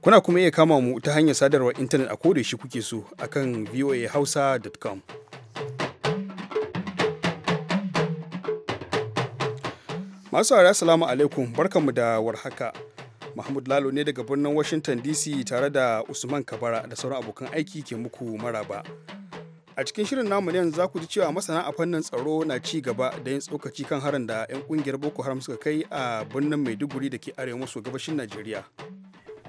Kuna kuma iya kama mu ta hanyar sadarwar intanet a da shi kuke so a akan voahausa.com. Masu hara salamu alaikum barkanmu da warhaka. Mahmud Lalo ne daga birnin Washington DC tare da Usman Kabara da sauran abokan aiki ke muku maraba. A cikin shirin namu yanzu za ku ji cewa masana a fannin tsaro na ci gaba da yin tsokaci kan harin da 'yan kungiyar Boko Haram suka kai a birnin Maiduguri da ke arewa maso gabashin Najeriya.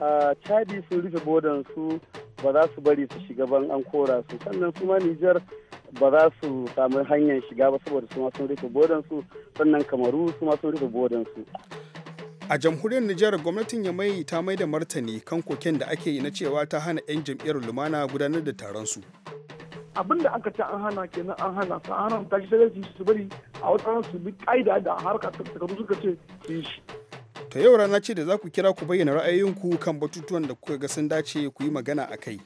a chadi sun rufe bodan su ba za su bari su shiga ban an kora su sannan su nijar ba za su samu hanyar shiga ba saboda su ma sun rufe bodan su sannan kamaru su ma sun rufe bodan su a jamhuriyar nijar gwamnatin ya mai ta mai da martani kan koken da ake yi na cewa ta hana 'yan jam'iyyar lumana gudanar da taron su abin da aka ce an hana kenan an hana su an haramta shi sai su bari a wata su bi ƙa'ida da harkar takardu suka ce su yi shi To yau rana ce da za ku kira ku bayyana ra'ayoyinku kan batutuwan da kuka ga sun dace ku yi magana a kai.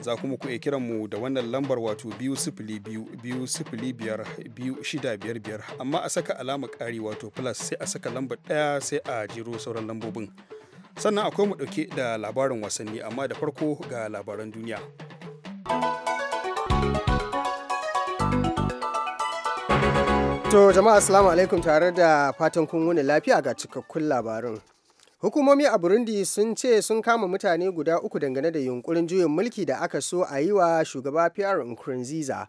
Za kuma ku kiran mu da wannan lambar wato biyu sifili biyu biyu sifili biyar biyu shida biyar biyar amma a saka alama ƙari wato plus sai a saka lambar ɗaya sai a jiro sauran lambobin. Sannan akwai mu ɗauke da labarin wasanni amma da farko ga labaran duniya. To jama'a assalamu alaikum tare da fatan kun wani lafiya ga cikakkun labarin. Hukumomi a Burundi sun ce sun kama mutane guda uku dangane da yunkurin juyin mulki da aka so a yi wa shugaba Pierre Nkurunziza.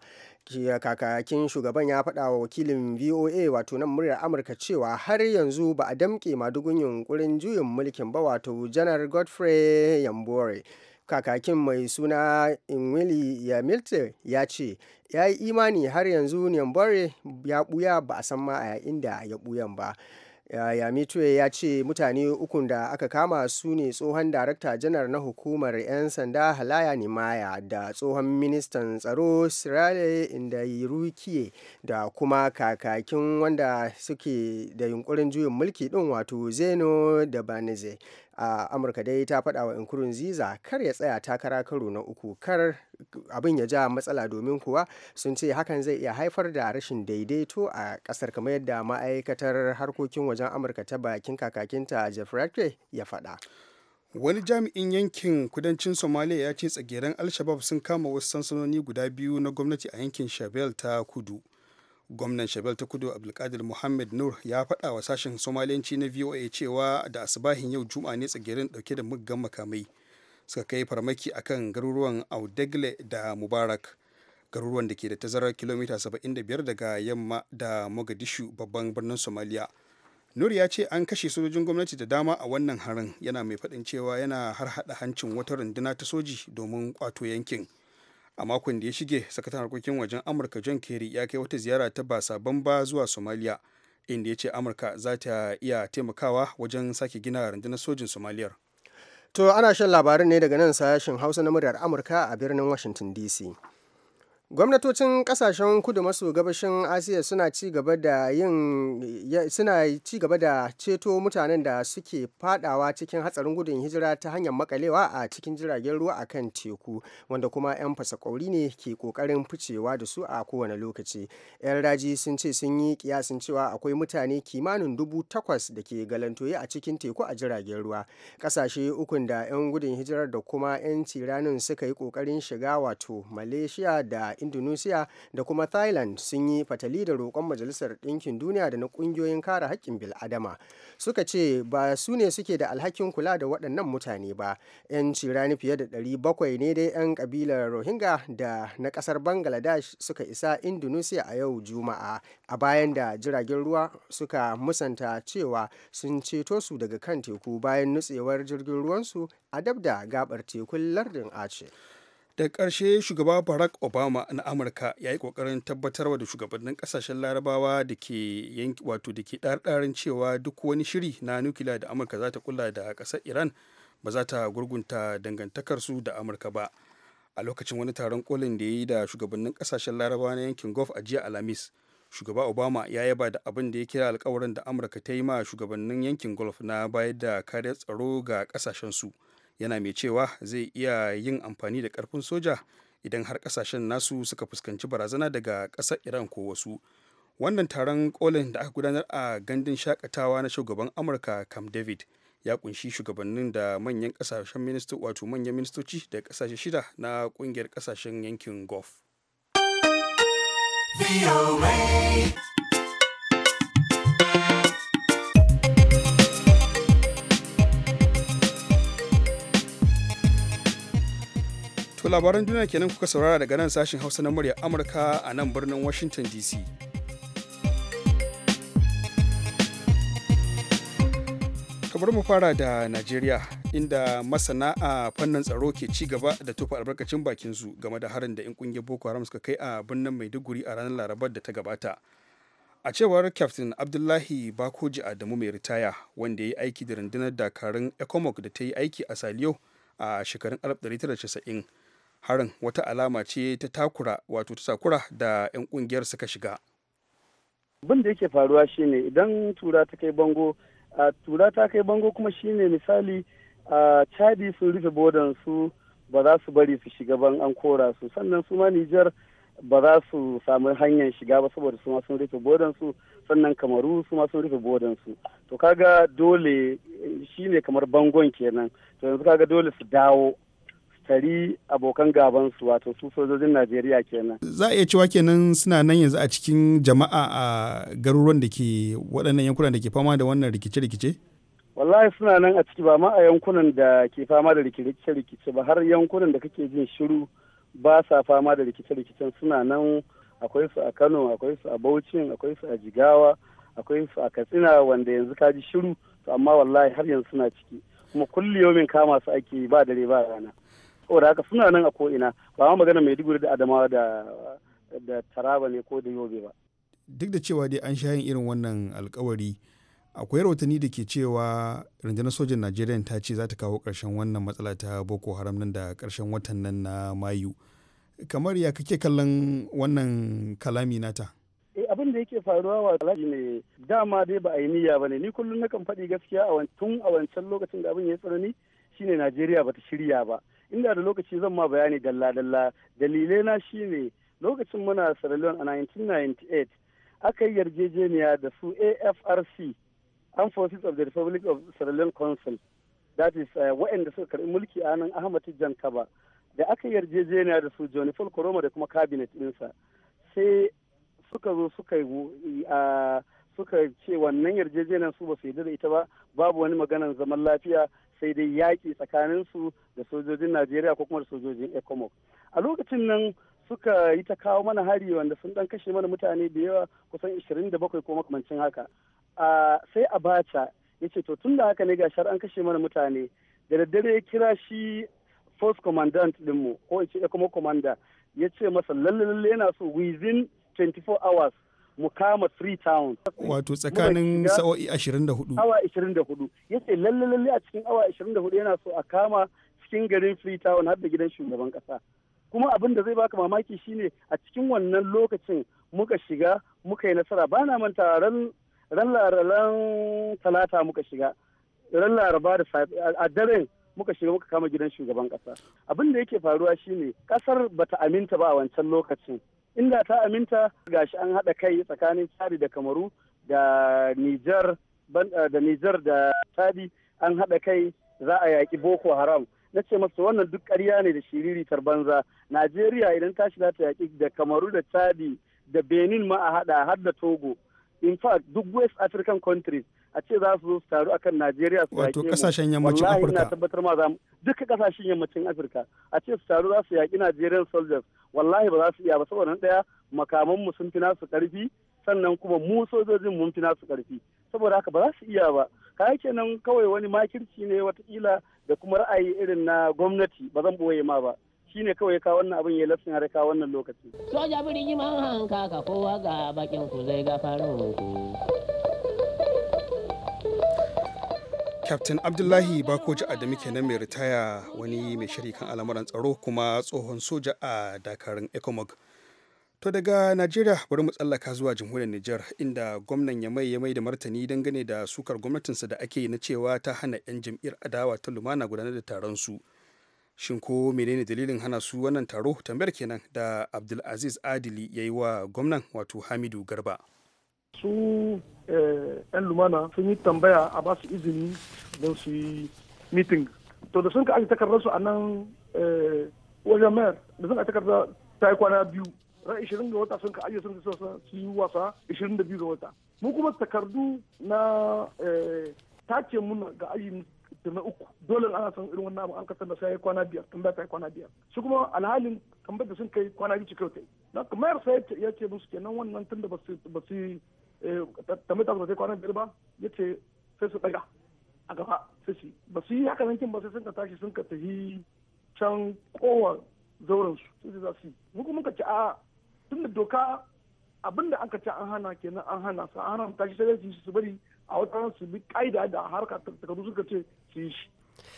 kakakin shugaban ya faɗa wa wakilin voa wato nan muryar amurka cewa har yanzu ba a damƙe madugun yunkurin juyin mulkin ba wato janar godfrey yambore kakakin mai suna inwili ya milte ya ce ya yi imani har yanzu nyambore ya buya ba a san ma a inda ya buyan ba yamitue ya ce mutane ukun da aka kama su ne tsohon darakta janar na hukumar 'yan sanda halaya maya da tsohon ministan tsaro sirale inda rukiye da kuma kakakin wanda suke da yunkurin juyin mulki din wato zeno da banize a amurka dai ta faɗa wa ziza kar ya tsaya takara karo na uku kar abin ya ja matsala domin kuwa sun ce hakan zai iya haifar da rashin daidaito a ƙasar kamar yadda ma'aikatar harkokin wajen amurka ta bakin kakakinta jeff ratke ya faɗa wani jami'in yankin kudancin somalia ya ce tsageren al-shabab sun kama wasu sansanoni guda biyu na gwamnati a yankin shabelle ta kudu gwamnan shabel ta kudu abdulkadir muhammad nur ya faɗa wa sashen somaliyanci na voa cewa da asibahin yau juma'a ne tsagirin ɗauke da muggan makamai suka kai farmaki akan garuruwan audegle da mubarak garuruwan da ke da tazarar kilomita 75 daga yamma da mogadishu babban birnin somalia nur ya ce an kashe sojojin gwamnati da dama a wannan harin yana mai faɗin cewa yana har hada hancin wata runduna ta soji domin kwato yankin a makon da ya shige sakataren harkokin wajen amurka john kerry ya kai wata ziyara ta ba sabon ba zuwa somalia inda ya ce amurka za ta iya taimakawa wajen sake gina rundunar sojin somaliyar to ana shan labarin ne daga nan sashen hausa na muryar amurka a birnin washington dc gwamnatocin kasashen kudu maso gabashin asiya suna ci gaba da yin suna ci gaba da ceto mutanen da suke fadawa cikin hatsarin gudun hijira ta hanyar makalewa a cikin jiragen ruwa a kan teku wanda kuma 'yan fasakauri ne ke kokarin ficewa da su a kowane lokaci 'yan raji sun ce sun yi kiyasin cewa akwai mutane kimanin dubu takwas da ke galantoye a cikin teku a jiragen ruwa kasashe ukun da 'yan gudun hijirar da kuma 'yan tiranin suka yi kokarin shiga wato malaysia da indonesia da kuma thailand sun yi fatali da roƙon majalisar ɗinkin duniya da na ƙungiyoyin kare haƙƙin bil'adama suka ce ba su ne suke da alhakin kula da waɗannan mutane ba 'yan cirani fiye da 700 ne dai 'yan ƙabilar rohingya da na ƙasar bangladesh suka isa indonesia a yau juma'a a bayan da jiragen ruwa suka musanta cewa sun ceto su daga kan teku bayan nutsewar jirgin ruwansu a dab da gabar tekun lardin ace da ƙarshe shugaba barack obama na amurka ya yi ƙoƙarin tabbatarwa da shugabannin ƙasashen larabawa da ke yanki wato da ke ɗarɗarin cewa duk wani shiri na nukiliya da amurka za ta kula da ƙasar iran ba za ta gurgunta dangantakarsu da amurka ba a lokacin wani taron kolin da ya yi da shugabannin ƙasashen larabawa na yankin gulf a jiya alhamis shugaba obama ya yaba da abin da ya kira alkawarin da amurka ta yi ma shugabannin yankin gulf na bayar da kariyar tsaro ga ƙasashen su yana mai cewa zai iya yin amfani da karfin soja idan har kasashen nasu suka fuskanci barazana daga ƙasar iran ko wasu wannan taron kolin da aka gudanar a gandun shakatawa na shugaban amurka cam david ya kunshi shugabannin da manyan kasashen minista wato manyan ministoci da kasashe shida na kungiyar kasashen yankin gulf To labaran duniya kenan kuka saurara daga nan sashen Hausa na murya Amurka a nan birnin Washington DC. kabar mu fara da Najeriya inda masana a fannin tsaro ke ci gaba da tufa albarkacin bakin su game da harin da 'yan kungiyar Boko Haram suka kai a birnin Maiduguri a ranar Larabar da ta gabata. A cewar Captain Abdullahi Bakoji Adamu mai ritaya wanda ya yi aiki da rundunar dakarun ECOMOG da ta yi aiki a Saliyo a shekarun 1990 harin wata alama ce ta takura wato ta sakura da 'yan kungiyar suka shiga Bin da yake faruwa shine idan tura ta kai bango a tura ta kai bango kuma shine misali a chadi sun rufe bodan su ba za su bari su shiga ban an kora su sannan su ma nijar ba za su samu hanyar shiga ba saboda su ma sun rufe bodan su sannan kamaru su ma sun rufe bodan su to kaga dole shine kamar bangon kenan to yanzu kaga dole su dawo kari abokan gaban su wato su sojojin Najeriya kenan. Za a iya cewa kenan suna nan yanzu a cikin jama'a a garuruwan da ke waɗannan yankunan da ke fama da wannan rikice-rikice? Wallahi suna nan a ciki ba ma a yankunan da ke fama da rikice-rikice ba har yankunan da kake jin shiru ba sa fama da rikice-rikicen suna nan akwai su a Kano, akwai su a Bauchi, akwai su a Jigawa, akwai su a Katsina wanda yanzu ka ji shiru to amma wallahi har yanzu suna ciki. kuma kulliyomin kama su ake ba dare ba rana. saboda haka suna nan a ko'ina ba ma magana mai maiduguri da adamawa da da taraba ne ko da yobe ba duk da cewa dai an sha yin irin wannan alkawari akwai rahotanni da ke cewa rundunar sojan najeriya ta ce za ta kawo ƙarshen wannan matsala ta boko haram nan da karshen watan nan na mayu kamar ya kake kallon wannan kalami nata eh, abin da yake faruwa wa alhaji ne dama dai ba a yi niyya ba ne ni kullum nakan faɗi gaskiya tun a wancan lokacin da abin ya tsanani shine najeriya ba ta shirya ba inda da lokaci zan ma bayani dalla-dalla dalilai na shine lokacin muna Sierra a 1998 aka yi yarjejeniya da su AFRC Armed Forces of the Republic of Sierra Leone Council that is eh, waɗanda suka karɓi mulki a nan Ahmad Jan Kaba da aka yi yarjejeniya da su Johnny Paul Koroma da kuma cabinet ɗinsa sai suka zo suka yi suka ce wannan yarjejeniyar su ba su yarda da ita ba babu wani maganan zaman lafiya sai dai yaƙi su da sojojin najeriya ko kuma da sojojin ecomoc a lokacin nan suka yi ta kawo mana hari wanda sun dan kashe mana mutane da yawa kusan 27 ko makamancin haka sai abacha ya ce to tun da haka ne shar an kashe mana mutane da daddare ya kira shi first commandant dinmu ko in ce ecomoc commander ya ce masa lalle lalle yana so within 24 hours mu kama Freetown. Wato tsakanin sa'o'i 24. Awa 24. yace lalle lalle a cikin awa 24 yana so a kama cikin garin Freetown har da gidan shugaban kasa. Kuma abin da zai baka mamaki shine a cikin wannan lokacin muka shiga muka yi nasara ba na manta ran ran talata muka shiga ran laraba da a daren muka shiga muka kama gidan shugaban kasa abin da yake faruwa shine kasar bata aminta ba a wancan lokacin inda ta aminta ga shi an haɗa kai tsakanin chadi da kamaru da nijar eh, da nijar da chadi an haɗa kai za a yaƙi boko haram na ce masa wannan duk ƙarya ne da shiriritar banza najeriya idan ta shiga ta yaƙi da kamaru da chadi da benin ma a haɗa har da togo in fact duk west african countries a ce za su zo su taru akan Najeriya su Wato kasashen yammacin Afirka. Wallahi ina tabbatar ma za mu duka kasashen yammacin Afirka a ce su taru za su yaƙi Nigerian soldiers wallahi ba za su iya ba saboda na ɗaya makaman mu sun fi nasu ƙarfi sannan kuma mu sojojin mun fi nasu ƙarfi saboda haka ba za su iya ba kayan kenan kawai wani makirci ne watakila da kuma ra'ayi irin na gwamnati ba zan ɓoye ma ba shi ne kawai ka wannan abin ya lasin har ka wannan lokaci. Soja birni man hanka ka kowa ga bakin ku zai gafarin ku. Captain Abdullahi Bakoji Adamu kenan mai ritaya wani mai shiri kan al'amuran tsaro kuma tsohon soja a dakarun ECOMOG. To daga Najeriya bari mu tsallaka zuwa jamhuriyar Nijar inda gwamnan ya mai ya mai da martani dangane da sukar gwamnatinsa da ake na cewa ta hana 'yan jam'iyyar adawa ta lumana gudanar da taron su. Shin ko menene dalilin hana su wannan taro tambayar kenan da Abdulaziz Adili ya yi wa gwamnan wato Hamidu Garba. su eh, yan lumana sun yi tambaya a ba su izini don su yi mitin to da sun ka aji takardar su a nan eh, wajen mayar da sun ka takarda ta yi kwana biyu ran ishirin ga wata sun ka aji sun ka su yi wasa biyu ga wata mu kuma takardu na eh, tace muna ga aji na uku dole ana san irin wannan abu an kasar da sai yi kwana biyar tambaya ta yi kwana biyar su kuma alhalin tambayar da sun kai kwana biyu cikin ta na kamar sai ya ce musu kenan wannan tun da ba su Eh, ta zai kwanan biyar ba ya ce sai su daga a gaba sai su ba su yi haka nan kin ba sai sun ka tashi sun ka tafi can kowar zauren su sai su za su yi mu kuma ka ci a tun da doka abinda an ka ci an hana kenan an hana su an hana tashi sai su su bari a wata su bi ka'ida da harka takardu suka ce su yi shi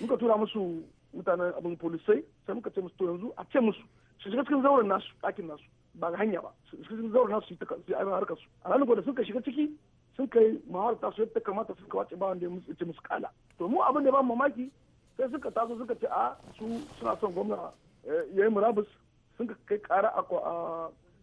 muka tura musu mutanen abin polisai sai muka ce musu to yanzu a ce musu su shiga cikin zauren nasu ɗakin nasu ba ga hanya ba sun zauna su yi su yi harkar su a ranar da suka shiga ciki sun kai ta su yadda kamata suka wace ba wanda ya ce musu kala to mu abin da ba mamaki sai suka taso suka ce a su suna son gwamna eh, ya yi murabus sun kai kara a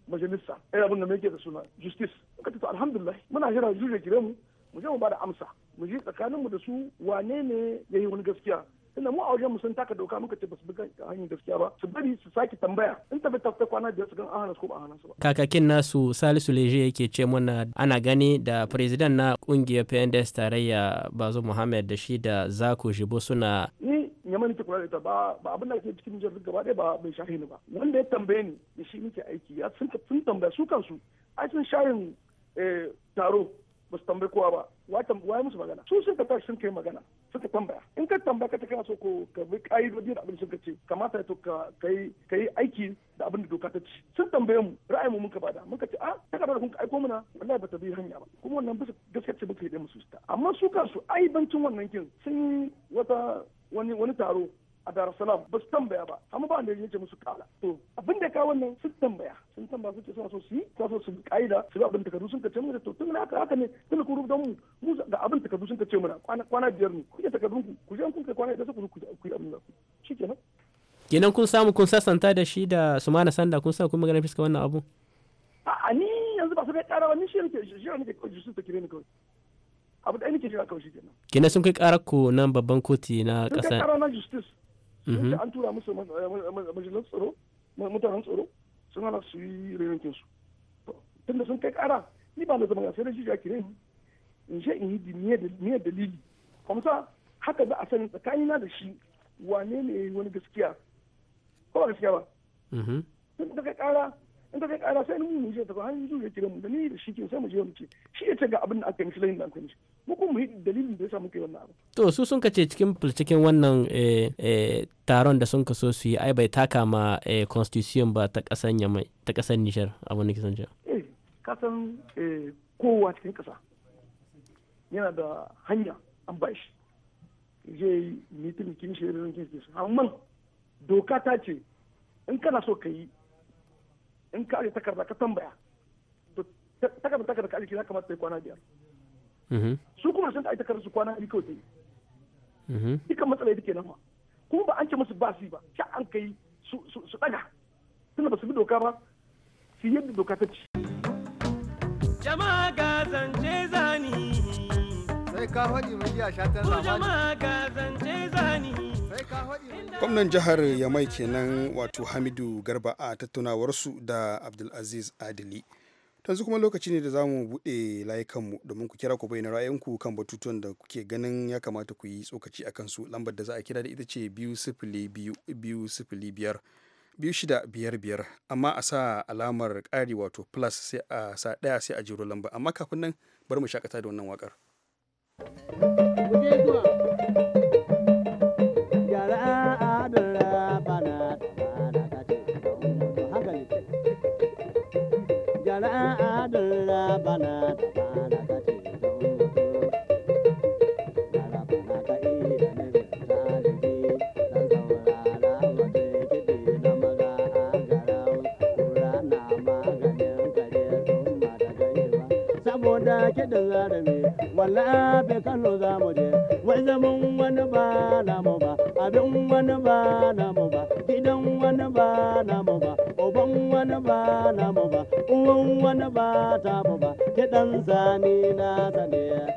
majalisa ɗaya abin da mai ke da suna justice suka ce to alhamdulillah muna jira jure gire mu mu je mu bada amsa mu ji tsakaninmu da su wane ne ya yi wani gaskiya tunda mu a wajen mu sun taka doka muka ce ba su bi hanyar gaskiya ba su bari su sake tambaya in tafi ta kwana biyar su gan ahana su ko ba hana su ba kakakin nasu Salisu Leje yake ce muna ana gani da president na kungiyar PNDS tarayya Bazo Muhammad da shi da zaku Jibo suna ni yamma nake kula da ita ba ba abin da ke cikin jirgin gaba ɗaya ba bai shafe ni ba wanda ya tambaye ni da shi muke aiki ya sun tambaya su kansu ai sun shayin eh, taro ba su tambayi kowa ba wai musu magana su sun tashi sun kai magana ka tambaya in ka tambaya ka ta kana so ko ka bi ka'idoji da abin sun ka ce kamata to ka kai aiki da abin da doka ta ci sun tambaye mu ra'ayin mu ka bada mun ka ce a ah, ta da kun aiko mana wallahi ba ta bi hanya ba kuma wannan bisa gaskiya ce muka yi da musu ta amma su kansu ai bancin wannan kin sun yi wata wani wani taro a Darussalam ba su tambaya ba amma ba da yake musu kala to abin da ka wannan sun tambaya sun tambaya su ce suna so su yi suna so su kaida su abin takardu sun kace mana to tun haka haka ne tun ku rubuta mu mu ga abin takardu sun kace mana kwana kwana biyar ne kuke takardun ku ku je kun kai kwana da su ku ku yi abin da ku shikenan kenan kun samu kun sassanta da shi da Sumana Sanda kun sa kun magana fiska wannan abu a ni yanzu ba su kai kara ni shi ne shi nake su ta kire ni kawai abu da shi jira kawai shi kenan kenan sun kai kara ku nan babban koti na kasa sun kai kara na justice yadda mhm. an tura musu majalar tsaro mutanen tsaro sun hana su yi rayankin su tunda sun kai kara ni ba na zama sai da shi ya kire ni in je in yi niyyar dalili Kamsa haka za a sani tsakanina da shi wane ne wani gaskiya ko ba gaskiya ba Sun mhm. ka kai kara in ka kai kara sai mu mu je ta ba hanzu ya kire mu da ni da shi ke sai mu je mu ce shi ya ce ga abin da aka yi shi layin da aka yi shi mu dalilin da yasa muke wannan abu to su sun kace cikin cikin wannan eh, eh, taron da sun kaso su yi ai bai taka ma eh, constitution ba ta kasan yamai ta kasan nishar abu ne kisan cewa eh kasan kowa cikin kasa yana da hanya an ba shi zai yi mitin kin shi irin kin shi amma doka ta ce in kana so ka yi in ka aje takarda ka tambaya takarda takarda ka aje za kamata ta yi kwana biyar Mm-hmm. su kuma sun aita kar su kwana biyu kawai sai mm-hmm. dukkan matsala yake nan kuma ba an ce musu ba su ba sha an kai su su daga tunda ba su bi doka ba su yadda doka ta ci jama'a ga zance zani sai ka faɗi mai iya shatan zamani jama'a ga zance zani gwamnan jihar yamai kenan wato hamidu garba a tattaunawarsu da abdulaziz adili yanzu kuma lokaci ne da za mu buɗe layukanmu domin ku kira ku bayyana ra'ayinku kan batutuwan da kuke ganin ya kamata ku yi tsokaci a kansu lambar da za a kira da ita ce biyu sifili biyu sifili biyar biyu shida biyar biyar amma a sa alamar ƙari wato plus sai a sa ɗaya sai a jiro lamba amma kafin nan bar mu shakata da wannan waƙar. da zarabe wallahi kano za mu je wai zaman wani ba na mu ba abin wani ba na mu ba gidan wani ba na mu ba uban wani ba na mu ba uwan wani ba ta mu ba kiɗan sani na zane.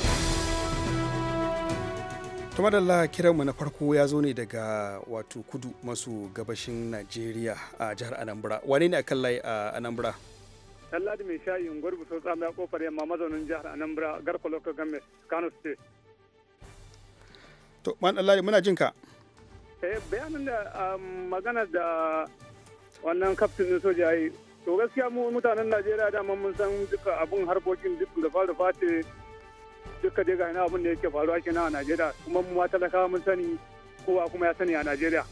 to madalla kiranmu na farko ya zo ne daga wato kudu masu gabashin najeriya a jihar anambra wane ne akan layi a anambra da mai shayi unguwar buso tsamiya kofar yamma mazaunin jihar anambra garko local government kano state to man Lalladi muna ka eh bayanin da um, magana da wannan kaftin soja yi to gaskiya mu mutanen najeriya da mun san duka abun harkokin duk da fara fata duka dai ga abin da yake faruwa kenan a Najeriya kuma mu ma talakawa mun sani kowa kuma ya sani a Najeriya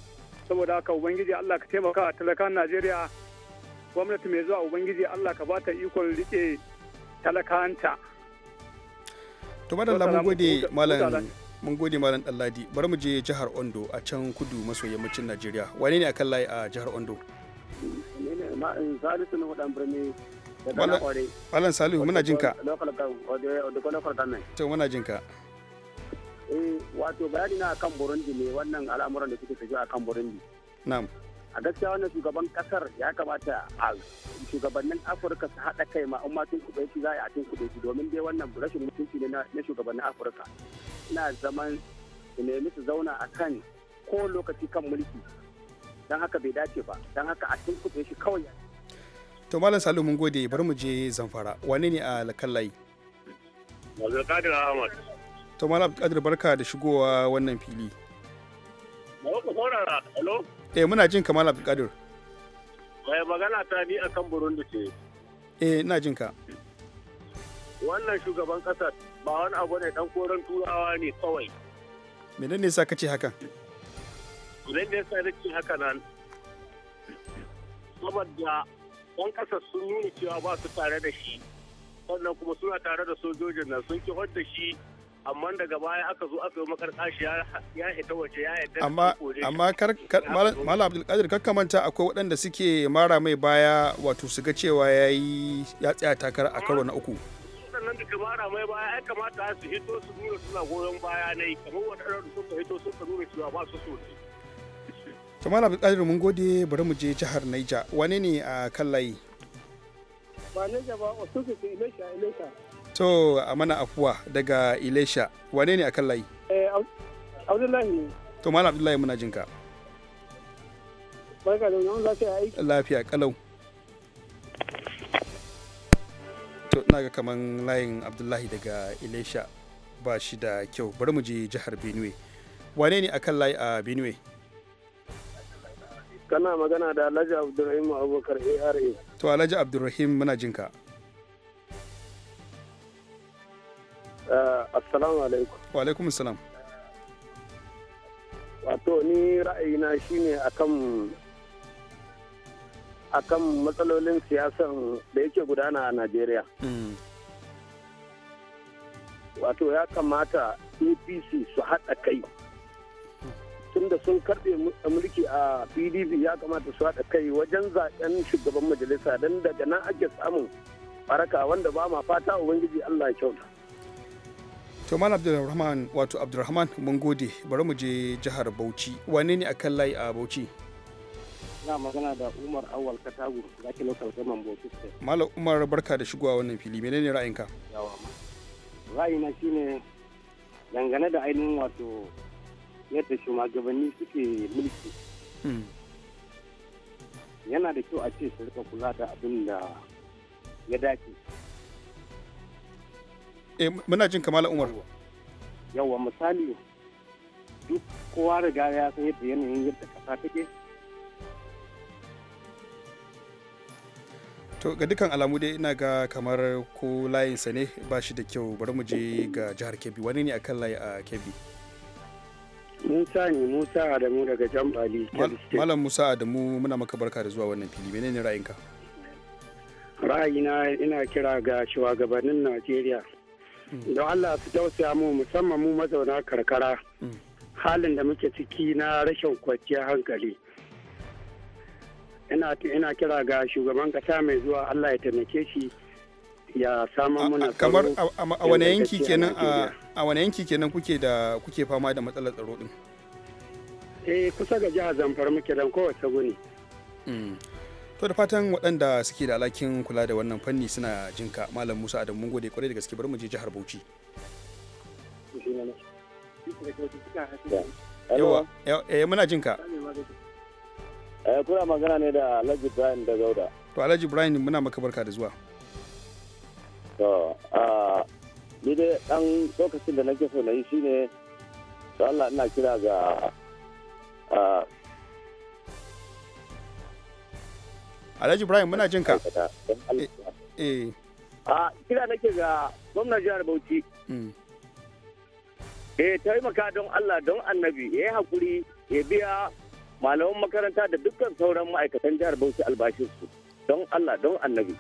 saboda haka ubangiji Allah ka taimaka a talakan Najeriya gwamnati mai zuwa ubangiji Allah ka bata ikon rike talakanta to madalla mun gode malam mun gode malam Dalladi bari mu je jihar Ondo a can kudu maso yammacin Najeriya wane ne akan layi a jihar Ondo Salisu wadan birni wannan Salihu muna jinka. muna jinka. Eh wato bayani na kan Burundi ne wannan al'amuran da suke tafiya kan Burundi. Na'am. a gaskiya wannan shugaban kasar ya kamata a shugabannin afirka su haɗa kai ma amma tun kuɗe shi za a tun kuɗe shi domin dai wannan rashin mutunci ne na shugabannin afirka ina zaman su nemi su zauna a kan ko lokaci kan mulki don haka bai dace ba don haka a tun kuɗe shi kawai to malam salu mun gode bari mu je zamfara wane ne a kan layi abdulkadir ahmad to malam abdulkadir barka da shigowa wannan fili eh muna jin kamar abdulkadir mai magana ta ni akan burundi ce eh ina jin ka wannan shugaban kasa ba wani abu ne dan koren turawa ne kawai menene sa kace hakan menene sa kace haka nan saboda 'yan kasa sun nuna cewa ba su tare da shi wannan kuma suna tare da sojojin nan sun ki da shi amma daga baya aka zo aka yi makarƙashi ya hita waje ya hita amma amma kar ka manta akwai waɗanda suke mara mai baya wato su ga cewa ya ya tsaya takara a karo na uku waɗannan da kamara mai baya ya kamata su hito su nuna suna goyon baya ne kamar waɗannan da suka hito suka nuna cewa ba su so ne Jamal Abdulkadir mun gode bari mu je jihar Naija. Wane ne a kan layi? Ba Naija ba, wasu ke Ilesha, Ilesha. To, a mana afuwa daga Ilesha. Wane ne a kan layi? Eh, Abdullahi. To, Malam Abdullahi muna jin ka. Barka da wani lafiya aiki. Lafiya kalau. To, ina ga kaman layin Abdullahi daga Ilesha ba shi da kyau. Bari mu je jihar Benue. Wane ne a kan layi a Benue? kana magana da alhaji abdulrahim abubakar ara to alhaji abdulrahim muna jinka uh, assalamu alaikum wa alaikum salam wato ni ra'ayina shine akan akan matsalolin siyasan da yake gudana a najeriya mm. wato ya kamata apc su haɗa kai tun da sun karbe mulki a pdp ya kamata su haɗa kai wajen zaɓen shugaban majalisa don daga nan ake samun baraka wanda ba ma fata ubangiji allah ya kyauta to mal abdulrahman wato abdulrahman mun gode bari mu je jihar bauchi wane ne akan layi a bauchi na magana da umar awal katagu da ke lokal gaman bauchi malam umar barka da shigowa wannan fili menene ra'ayinka yawa ra'ayina shine dangane da ainihin wato yadda shugabanni suke mulki hmm. yana da kyau a ce su rika kula da abin da ya dace e muna jin kamala umar yawa misali duk kowa riga ya san yadda yanayin yadda kasa take to ga dukkan alamu dai ina ga kamar ko layinsa ne ba shi da kyau bari mu je ga jihar kebbi wani ne akan layi a kebbi Musa ne Musa Adamu daga Jambali. Malam Musa Adamu muna maka barka da zuwa wannan fili menene ra'ayinka? Ra'ayina ina kira ga shugabannin Najeriya. Hmm. Don Allah su tausaya mu musamman mu mazauna karkara. Hmm. Halin da muke ciki na rashin kwanciyar hankali. Ina kira ga shugaban kasa mai zuwa Allah ya taimake shi ya samun muna kamar a wane yanki kenan a a wani yanki kenan kuke da kuke fama da matsalar tsaro din eh kusa ga jihar zamfara muke dan kowace guni mm. to da fatan waɗanda suke da alakin kula da wannan fanni suna jinka malam musa adam mun gode kwarai da gaske bari mu je jihar bauchi yawa eh muna jinka eh kuna magana ne da alhaji brian da gauda to alhaji brian muna maka barka da zuwa to ah, ni dai dan lokacin da nake so na yi shine to Allah ina kira ga Alhaji Ibrahim muna jin ka. Eh. Ah, kira nake ga gwamnan jihar Bauchi. Mm. Eh taimaka don Allah don Annabi ya yi hakuri ya biya malaman makaranta da dukkan sauran ma'aikatan jihar Bauchi albashinsu don Allah don Annabi.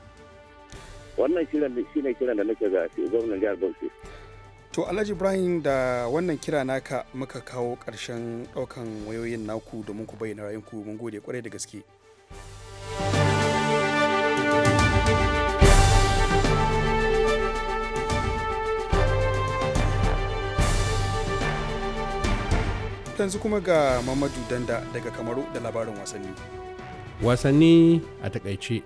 wannan kiran da kiran da nake ga gwamnan jihar Bauchi to Alhaji Ibrahim da wannan kira naka muka kawo karshen ɗaukan wayoyin naku domin ku bayyana rayunku, mun gode kwarai da gaske yanzu kuma ga Mamadu Danda daga Kamaru da labarin wasanni. Wasanni a takaice.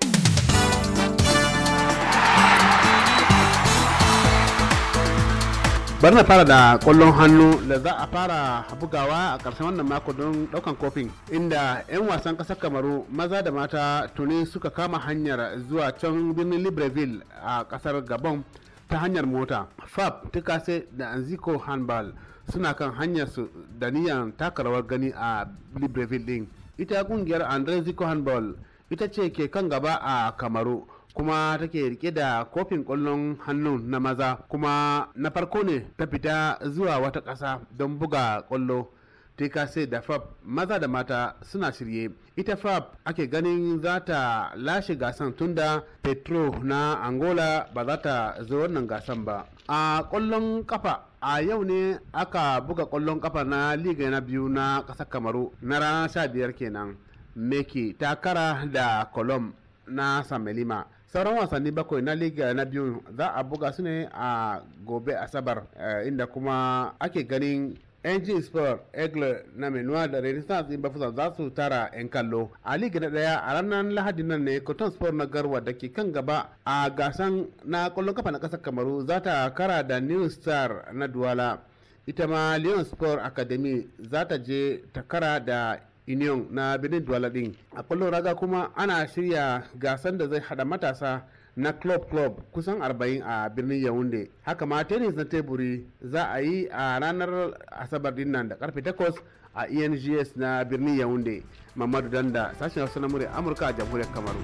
bari na fara da kwallon hannu da za a fara bugawa a ƙarshen wannan mako don ɗaukan kofin inda 'yan wasan ƙasar kamaru maza da mata tuni suka kama hanyar zuwa can birnin libreville a ƙasar gabon ta hanyar mota fab tukase da anziko handball suna kan hanyar su da niyan taka gani a libreville din ita kungiyar andre ziko handball ita ce ke kan gaba a kamaru kuma take rike da kofin kwallon hannun na maza kuma na farko ne ta fita zuwa wata ƙasa don buga kwallo ta sai da fab maza da mata suna shirye ita fab ake ganin za ta lashe gasan tunda petro na angola ba za ta zo wannan gasan ba a kwallon kafa a yau ne aka buga kwallon kafa na liga na biyu na ƙasar kamaru na ranar 15 kenan meki takara da kolom na samelima sauran wasanni bakwai na liga na biyu za a buga su ne a gobe asabar eh, inda kuma ake ganin engine sport eagle na menua da renaissance in bafusa za su tara 'yan kallo a liga na daya a ranar lahadi nan ne cotton sport na garwa da ke kan gaba a gasan na kwallon kafa na kasar kamaru za ta kara da new star na duwala ita ma leon sport academy za ta je ta kara da union na benin duwala din a kwallon raga kuma ana shirya gasan da zai hada matasa na club club kusan 40 a birnin yaounde haka ma tennis na teburi za a yi a ranar asabar din nan da karfe 8 a engs na birnin yaounde mamadu danda sashen wasu na murya amurka a jamhuriyar kamaru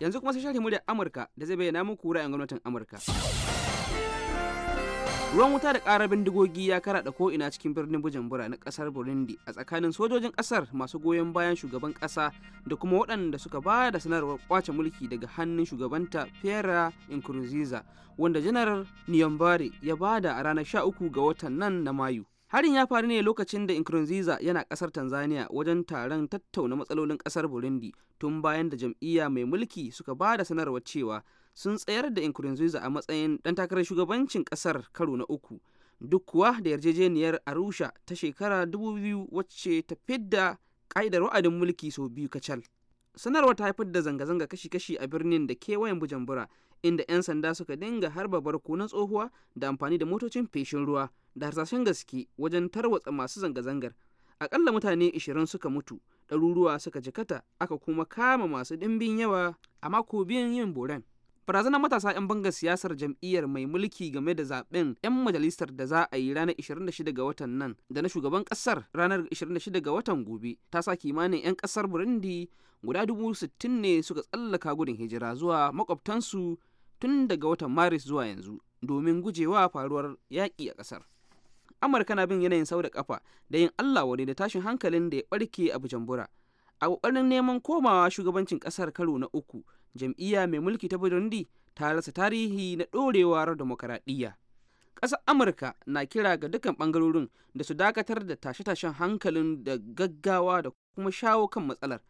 yanzu kuma sai sharhi murya amurka da zai bayyana muku ra'ayin gwamnatin amurka ruwan wuta da ƙarar bindigogi ya karaɗa ko'ina cikin birnin bujumbura na ƙasar burundi a tsakanin sojojin ƙasar masu goyon bayan shugaban ƙasa da kuma waɗanda suka ba da sanarwar kwace mulki daga hannun shugabanta Fera nkurunziza wanda janar niyombare ya bada a ranar 13 ga watan nan na mayu harin ya faru ne lokacin da nkurunziza yana ƙasar tanzania wajen taron tattauna matsalolin ƙasar burundi tun bayan da jam'iyya mai mulki suka ba da sanarwar cewa sun tsayar da Nkurunziza a matsayin ɗan takarar shugabancin ƙasar karo na uku duk kuwa da yarjejeniyar Arusha ta shekara 2000 wacce ta fidda ƙa'idar wa'adin mulki sau biyu kacal. Sanarwar ta haifar da zanga-zanga kashi-kashi a birnin da kewayen Bujumbura inda 'yan sanda suka dinga harba na tsohuwa da amfani da motocin feshin ruwa da harsashen gaske wajen tarwatsa masu zanga-zangar. Akalla mutane 20 suka mutu, ɗaruruwa suka jikata aka kuma kama masu ɗimbin yawa a mako biyan yin boran. barazanar matasa 'yan bangar siyasar jam'iyyar mai mulki game da zaben 'yan majalisar da za a yi ranar 26 ga watan nan da na shugaban kasar ranar 26 ga watan gobe ta sa kimanin 'yan kasar burundi guda 60,000 ne suka tsallaka gudun hijira zuwa makwabtansu tun daga watan maris zuwa yanzu domin gujewa faruwar yaƙi a kasar amurka na bin yanayin sau da kafa da yin allah wani da tashin hankalin da ya barke a bujumbura a ƙoƙarin neman komawa shugabancin kasar karo na uku jam'iyya mai mulki ta burundi ta rasa tarihi na ɗorewar demokaradiyya ƙasar amurka na kira ga dukkan ɓangarorin da su dakatar da tashe-tashen hankalin da gaggawa da kuma shawo kan matsalar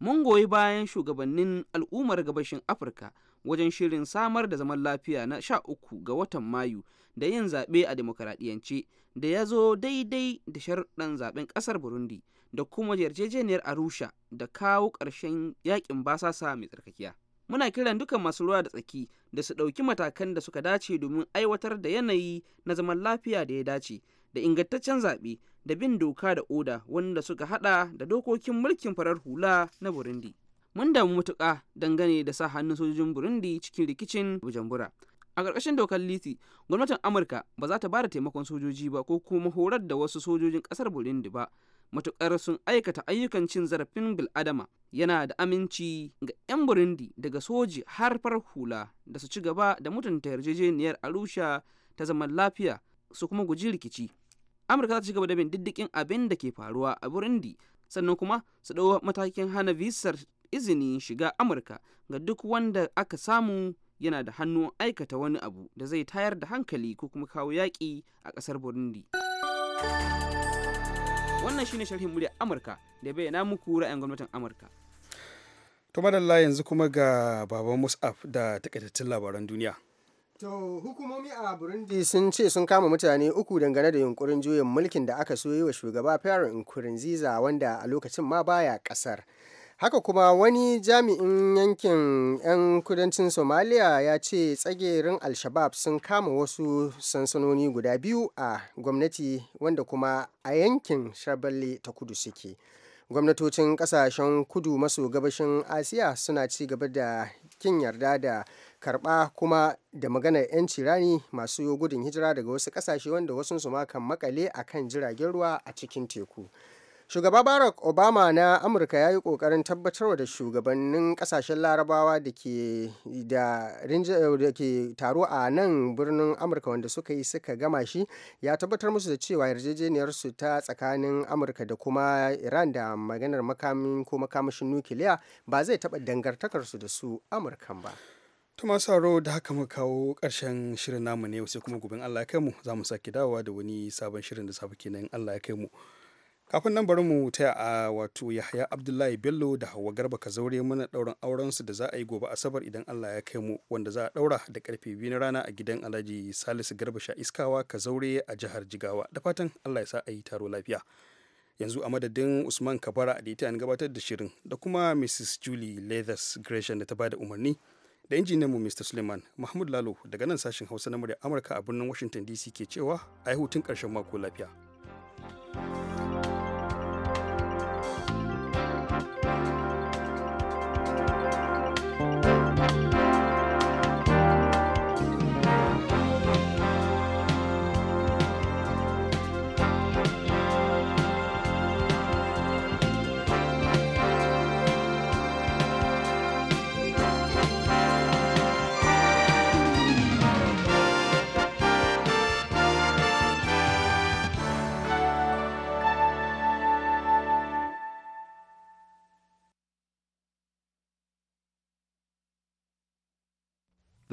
mun goyi bayan shugabannin al'ummar gabashin afirka wajen shirin samar da zaman lafiya na sha uku ga watan mayu da yin zaɓe a demokaradiyyance da ya zo daidai da sharɗan zaɓen ƙasar burundi da kuma yarjejeniyar arusha da kawo ƙarshen yaƙin basasa mai tsarkakiya muna kiran dukan masu ruwa da tsaki da su ɗauki matakan da suka dace domin aiwatar da yanayi na zaman lafiya da ya dace da ingantaccen zaɓe da bin doka da oda wanda suka haɗa da dokokin mulkin farar hula na burundi mun damu matuƙa dangane da sa hannun sojojin burundi cikin rikicin bujumbura a ƙarƙashin dokar liti gwamnatin amurka ba za ta ba da taimakon sojoji ba ko kuma horar da wasu sojojin ƙasar burundi ba matuƙar sun aikata ayyukan cin zarafin bil'adama yana da aminci ga 'yan burundi daga soji har far hula da su ci gaba da mutunta yarjejeniyar arusha ta zaman lafiya su kuma guji rikici amurka za ta ci gaba da bin diddikin abin da ke faruwa a burundi sannan kuma su ɗau matakin hana visar izinin shiga amurka ga duk wanda aka samu yana da hannu aikata wani abu da zai tayar da hankali ko kuma kawo yaƙi a ƙasar burundi Wannan shine sharhin muryar Amurka da bayyana muku ra'ayin gwamnatin Amurka. To madalla yanzu kuma ga baban Mus'af da takaitattun labaran duniya. To hukumomi a Burundi sun ce sun kama mutane uku dangane da yunkurin juyin mulkin da aka so wa shugaba Pierre Nkurunziza wanda a lokacin ma baya kasar. haka kuma wani jami'in yankin 'yan kudancin somaliya ya ce tsagerin al-shabab sun kama wasu sansanoni guda biyu a gwamnati wanda kuma a yankin shaballe ta kudu suke gwamnatocin kasashen kudu maso gabashin asiya suna ci gaba da kin yarda da karba kuma da magana 'yanci rani masu gudun hijira daga wasu kasashe wanda wasu su kan makale a kan jiragen ruwa a cikin teku shugaba barack obama na amurka ya yi kokarin tabbatar da shugabannin kasashen larabawa da ke taro a nan birnin amurka wanda suka yi suka gama shi ya tabbatar musu da cewa yarjejeniyarsu ta tsakanin amurka da kuma iran da maganar makamin ko makamashin nukiliya ba zai taba dangartakarsu da su amurkan ba Tuma Saro da haka muka kawo karshen shirin namu ne sai kuma gubin Allah ya kai mu za mu sake dawowa da wani sabon shirin da safe kenan Allah ya kai mu. kafin nan bari mu taya a wato yahaya abdullahi bello da hawa garba ka zaure mana dauran auren su da za a yi gobe asabar idan allah ya kai mu wanda za a daura da karfe biyu na rana a gidan alhaji salisu garba sha iskawa ka zaure a jihar jigawa da fatan allah ya sa a yi taro lafiya yanzu a madadin usman kabara da ita an gabatar da shirin da kuma mrs julie leathers gresham da ta bada umarni da injiniyan mu mr suleiman mahmud lalo daga nan sashen hausa na murya amurka a birnin washington dc ke cewa a yi hutun karshen mako lafiya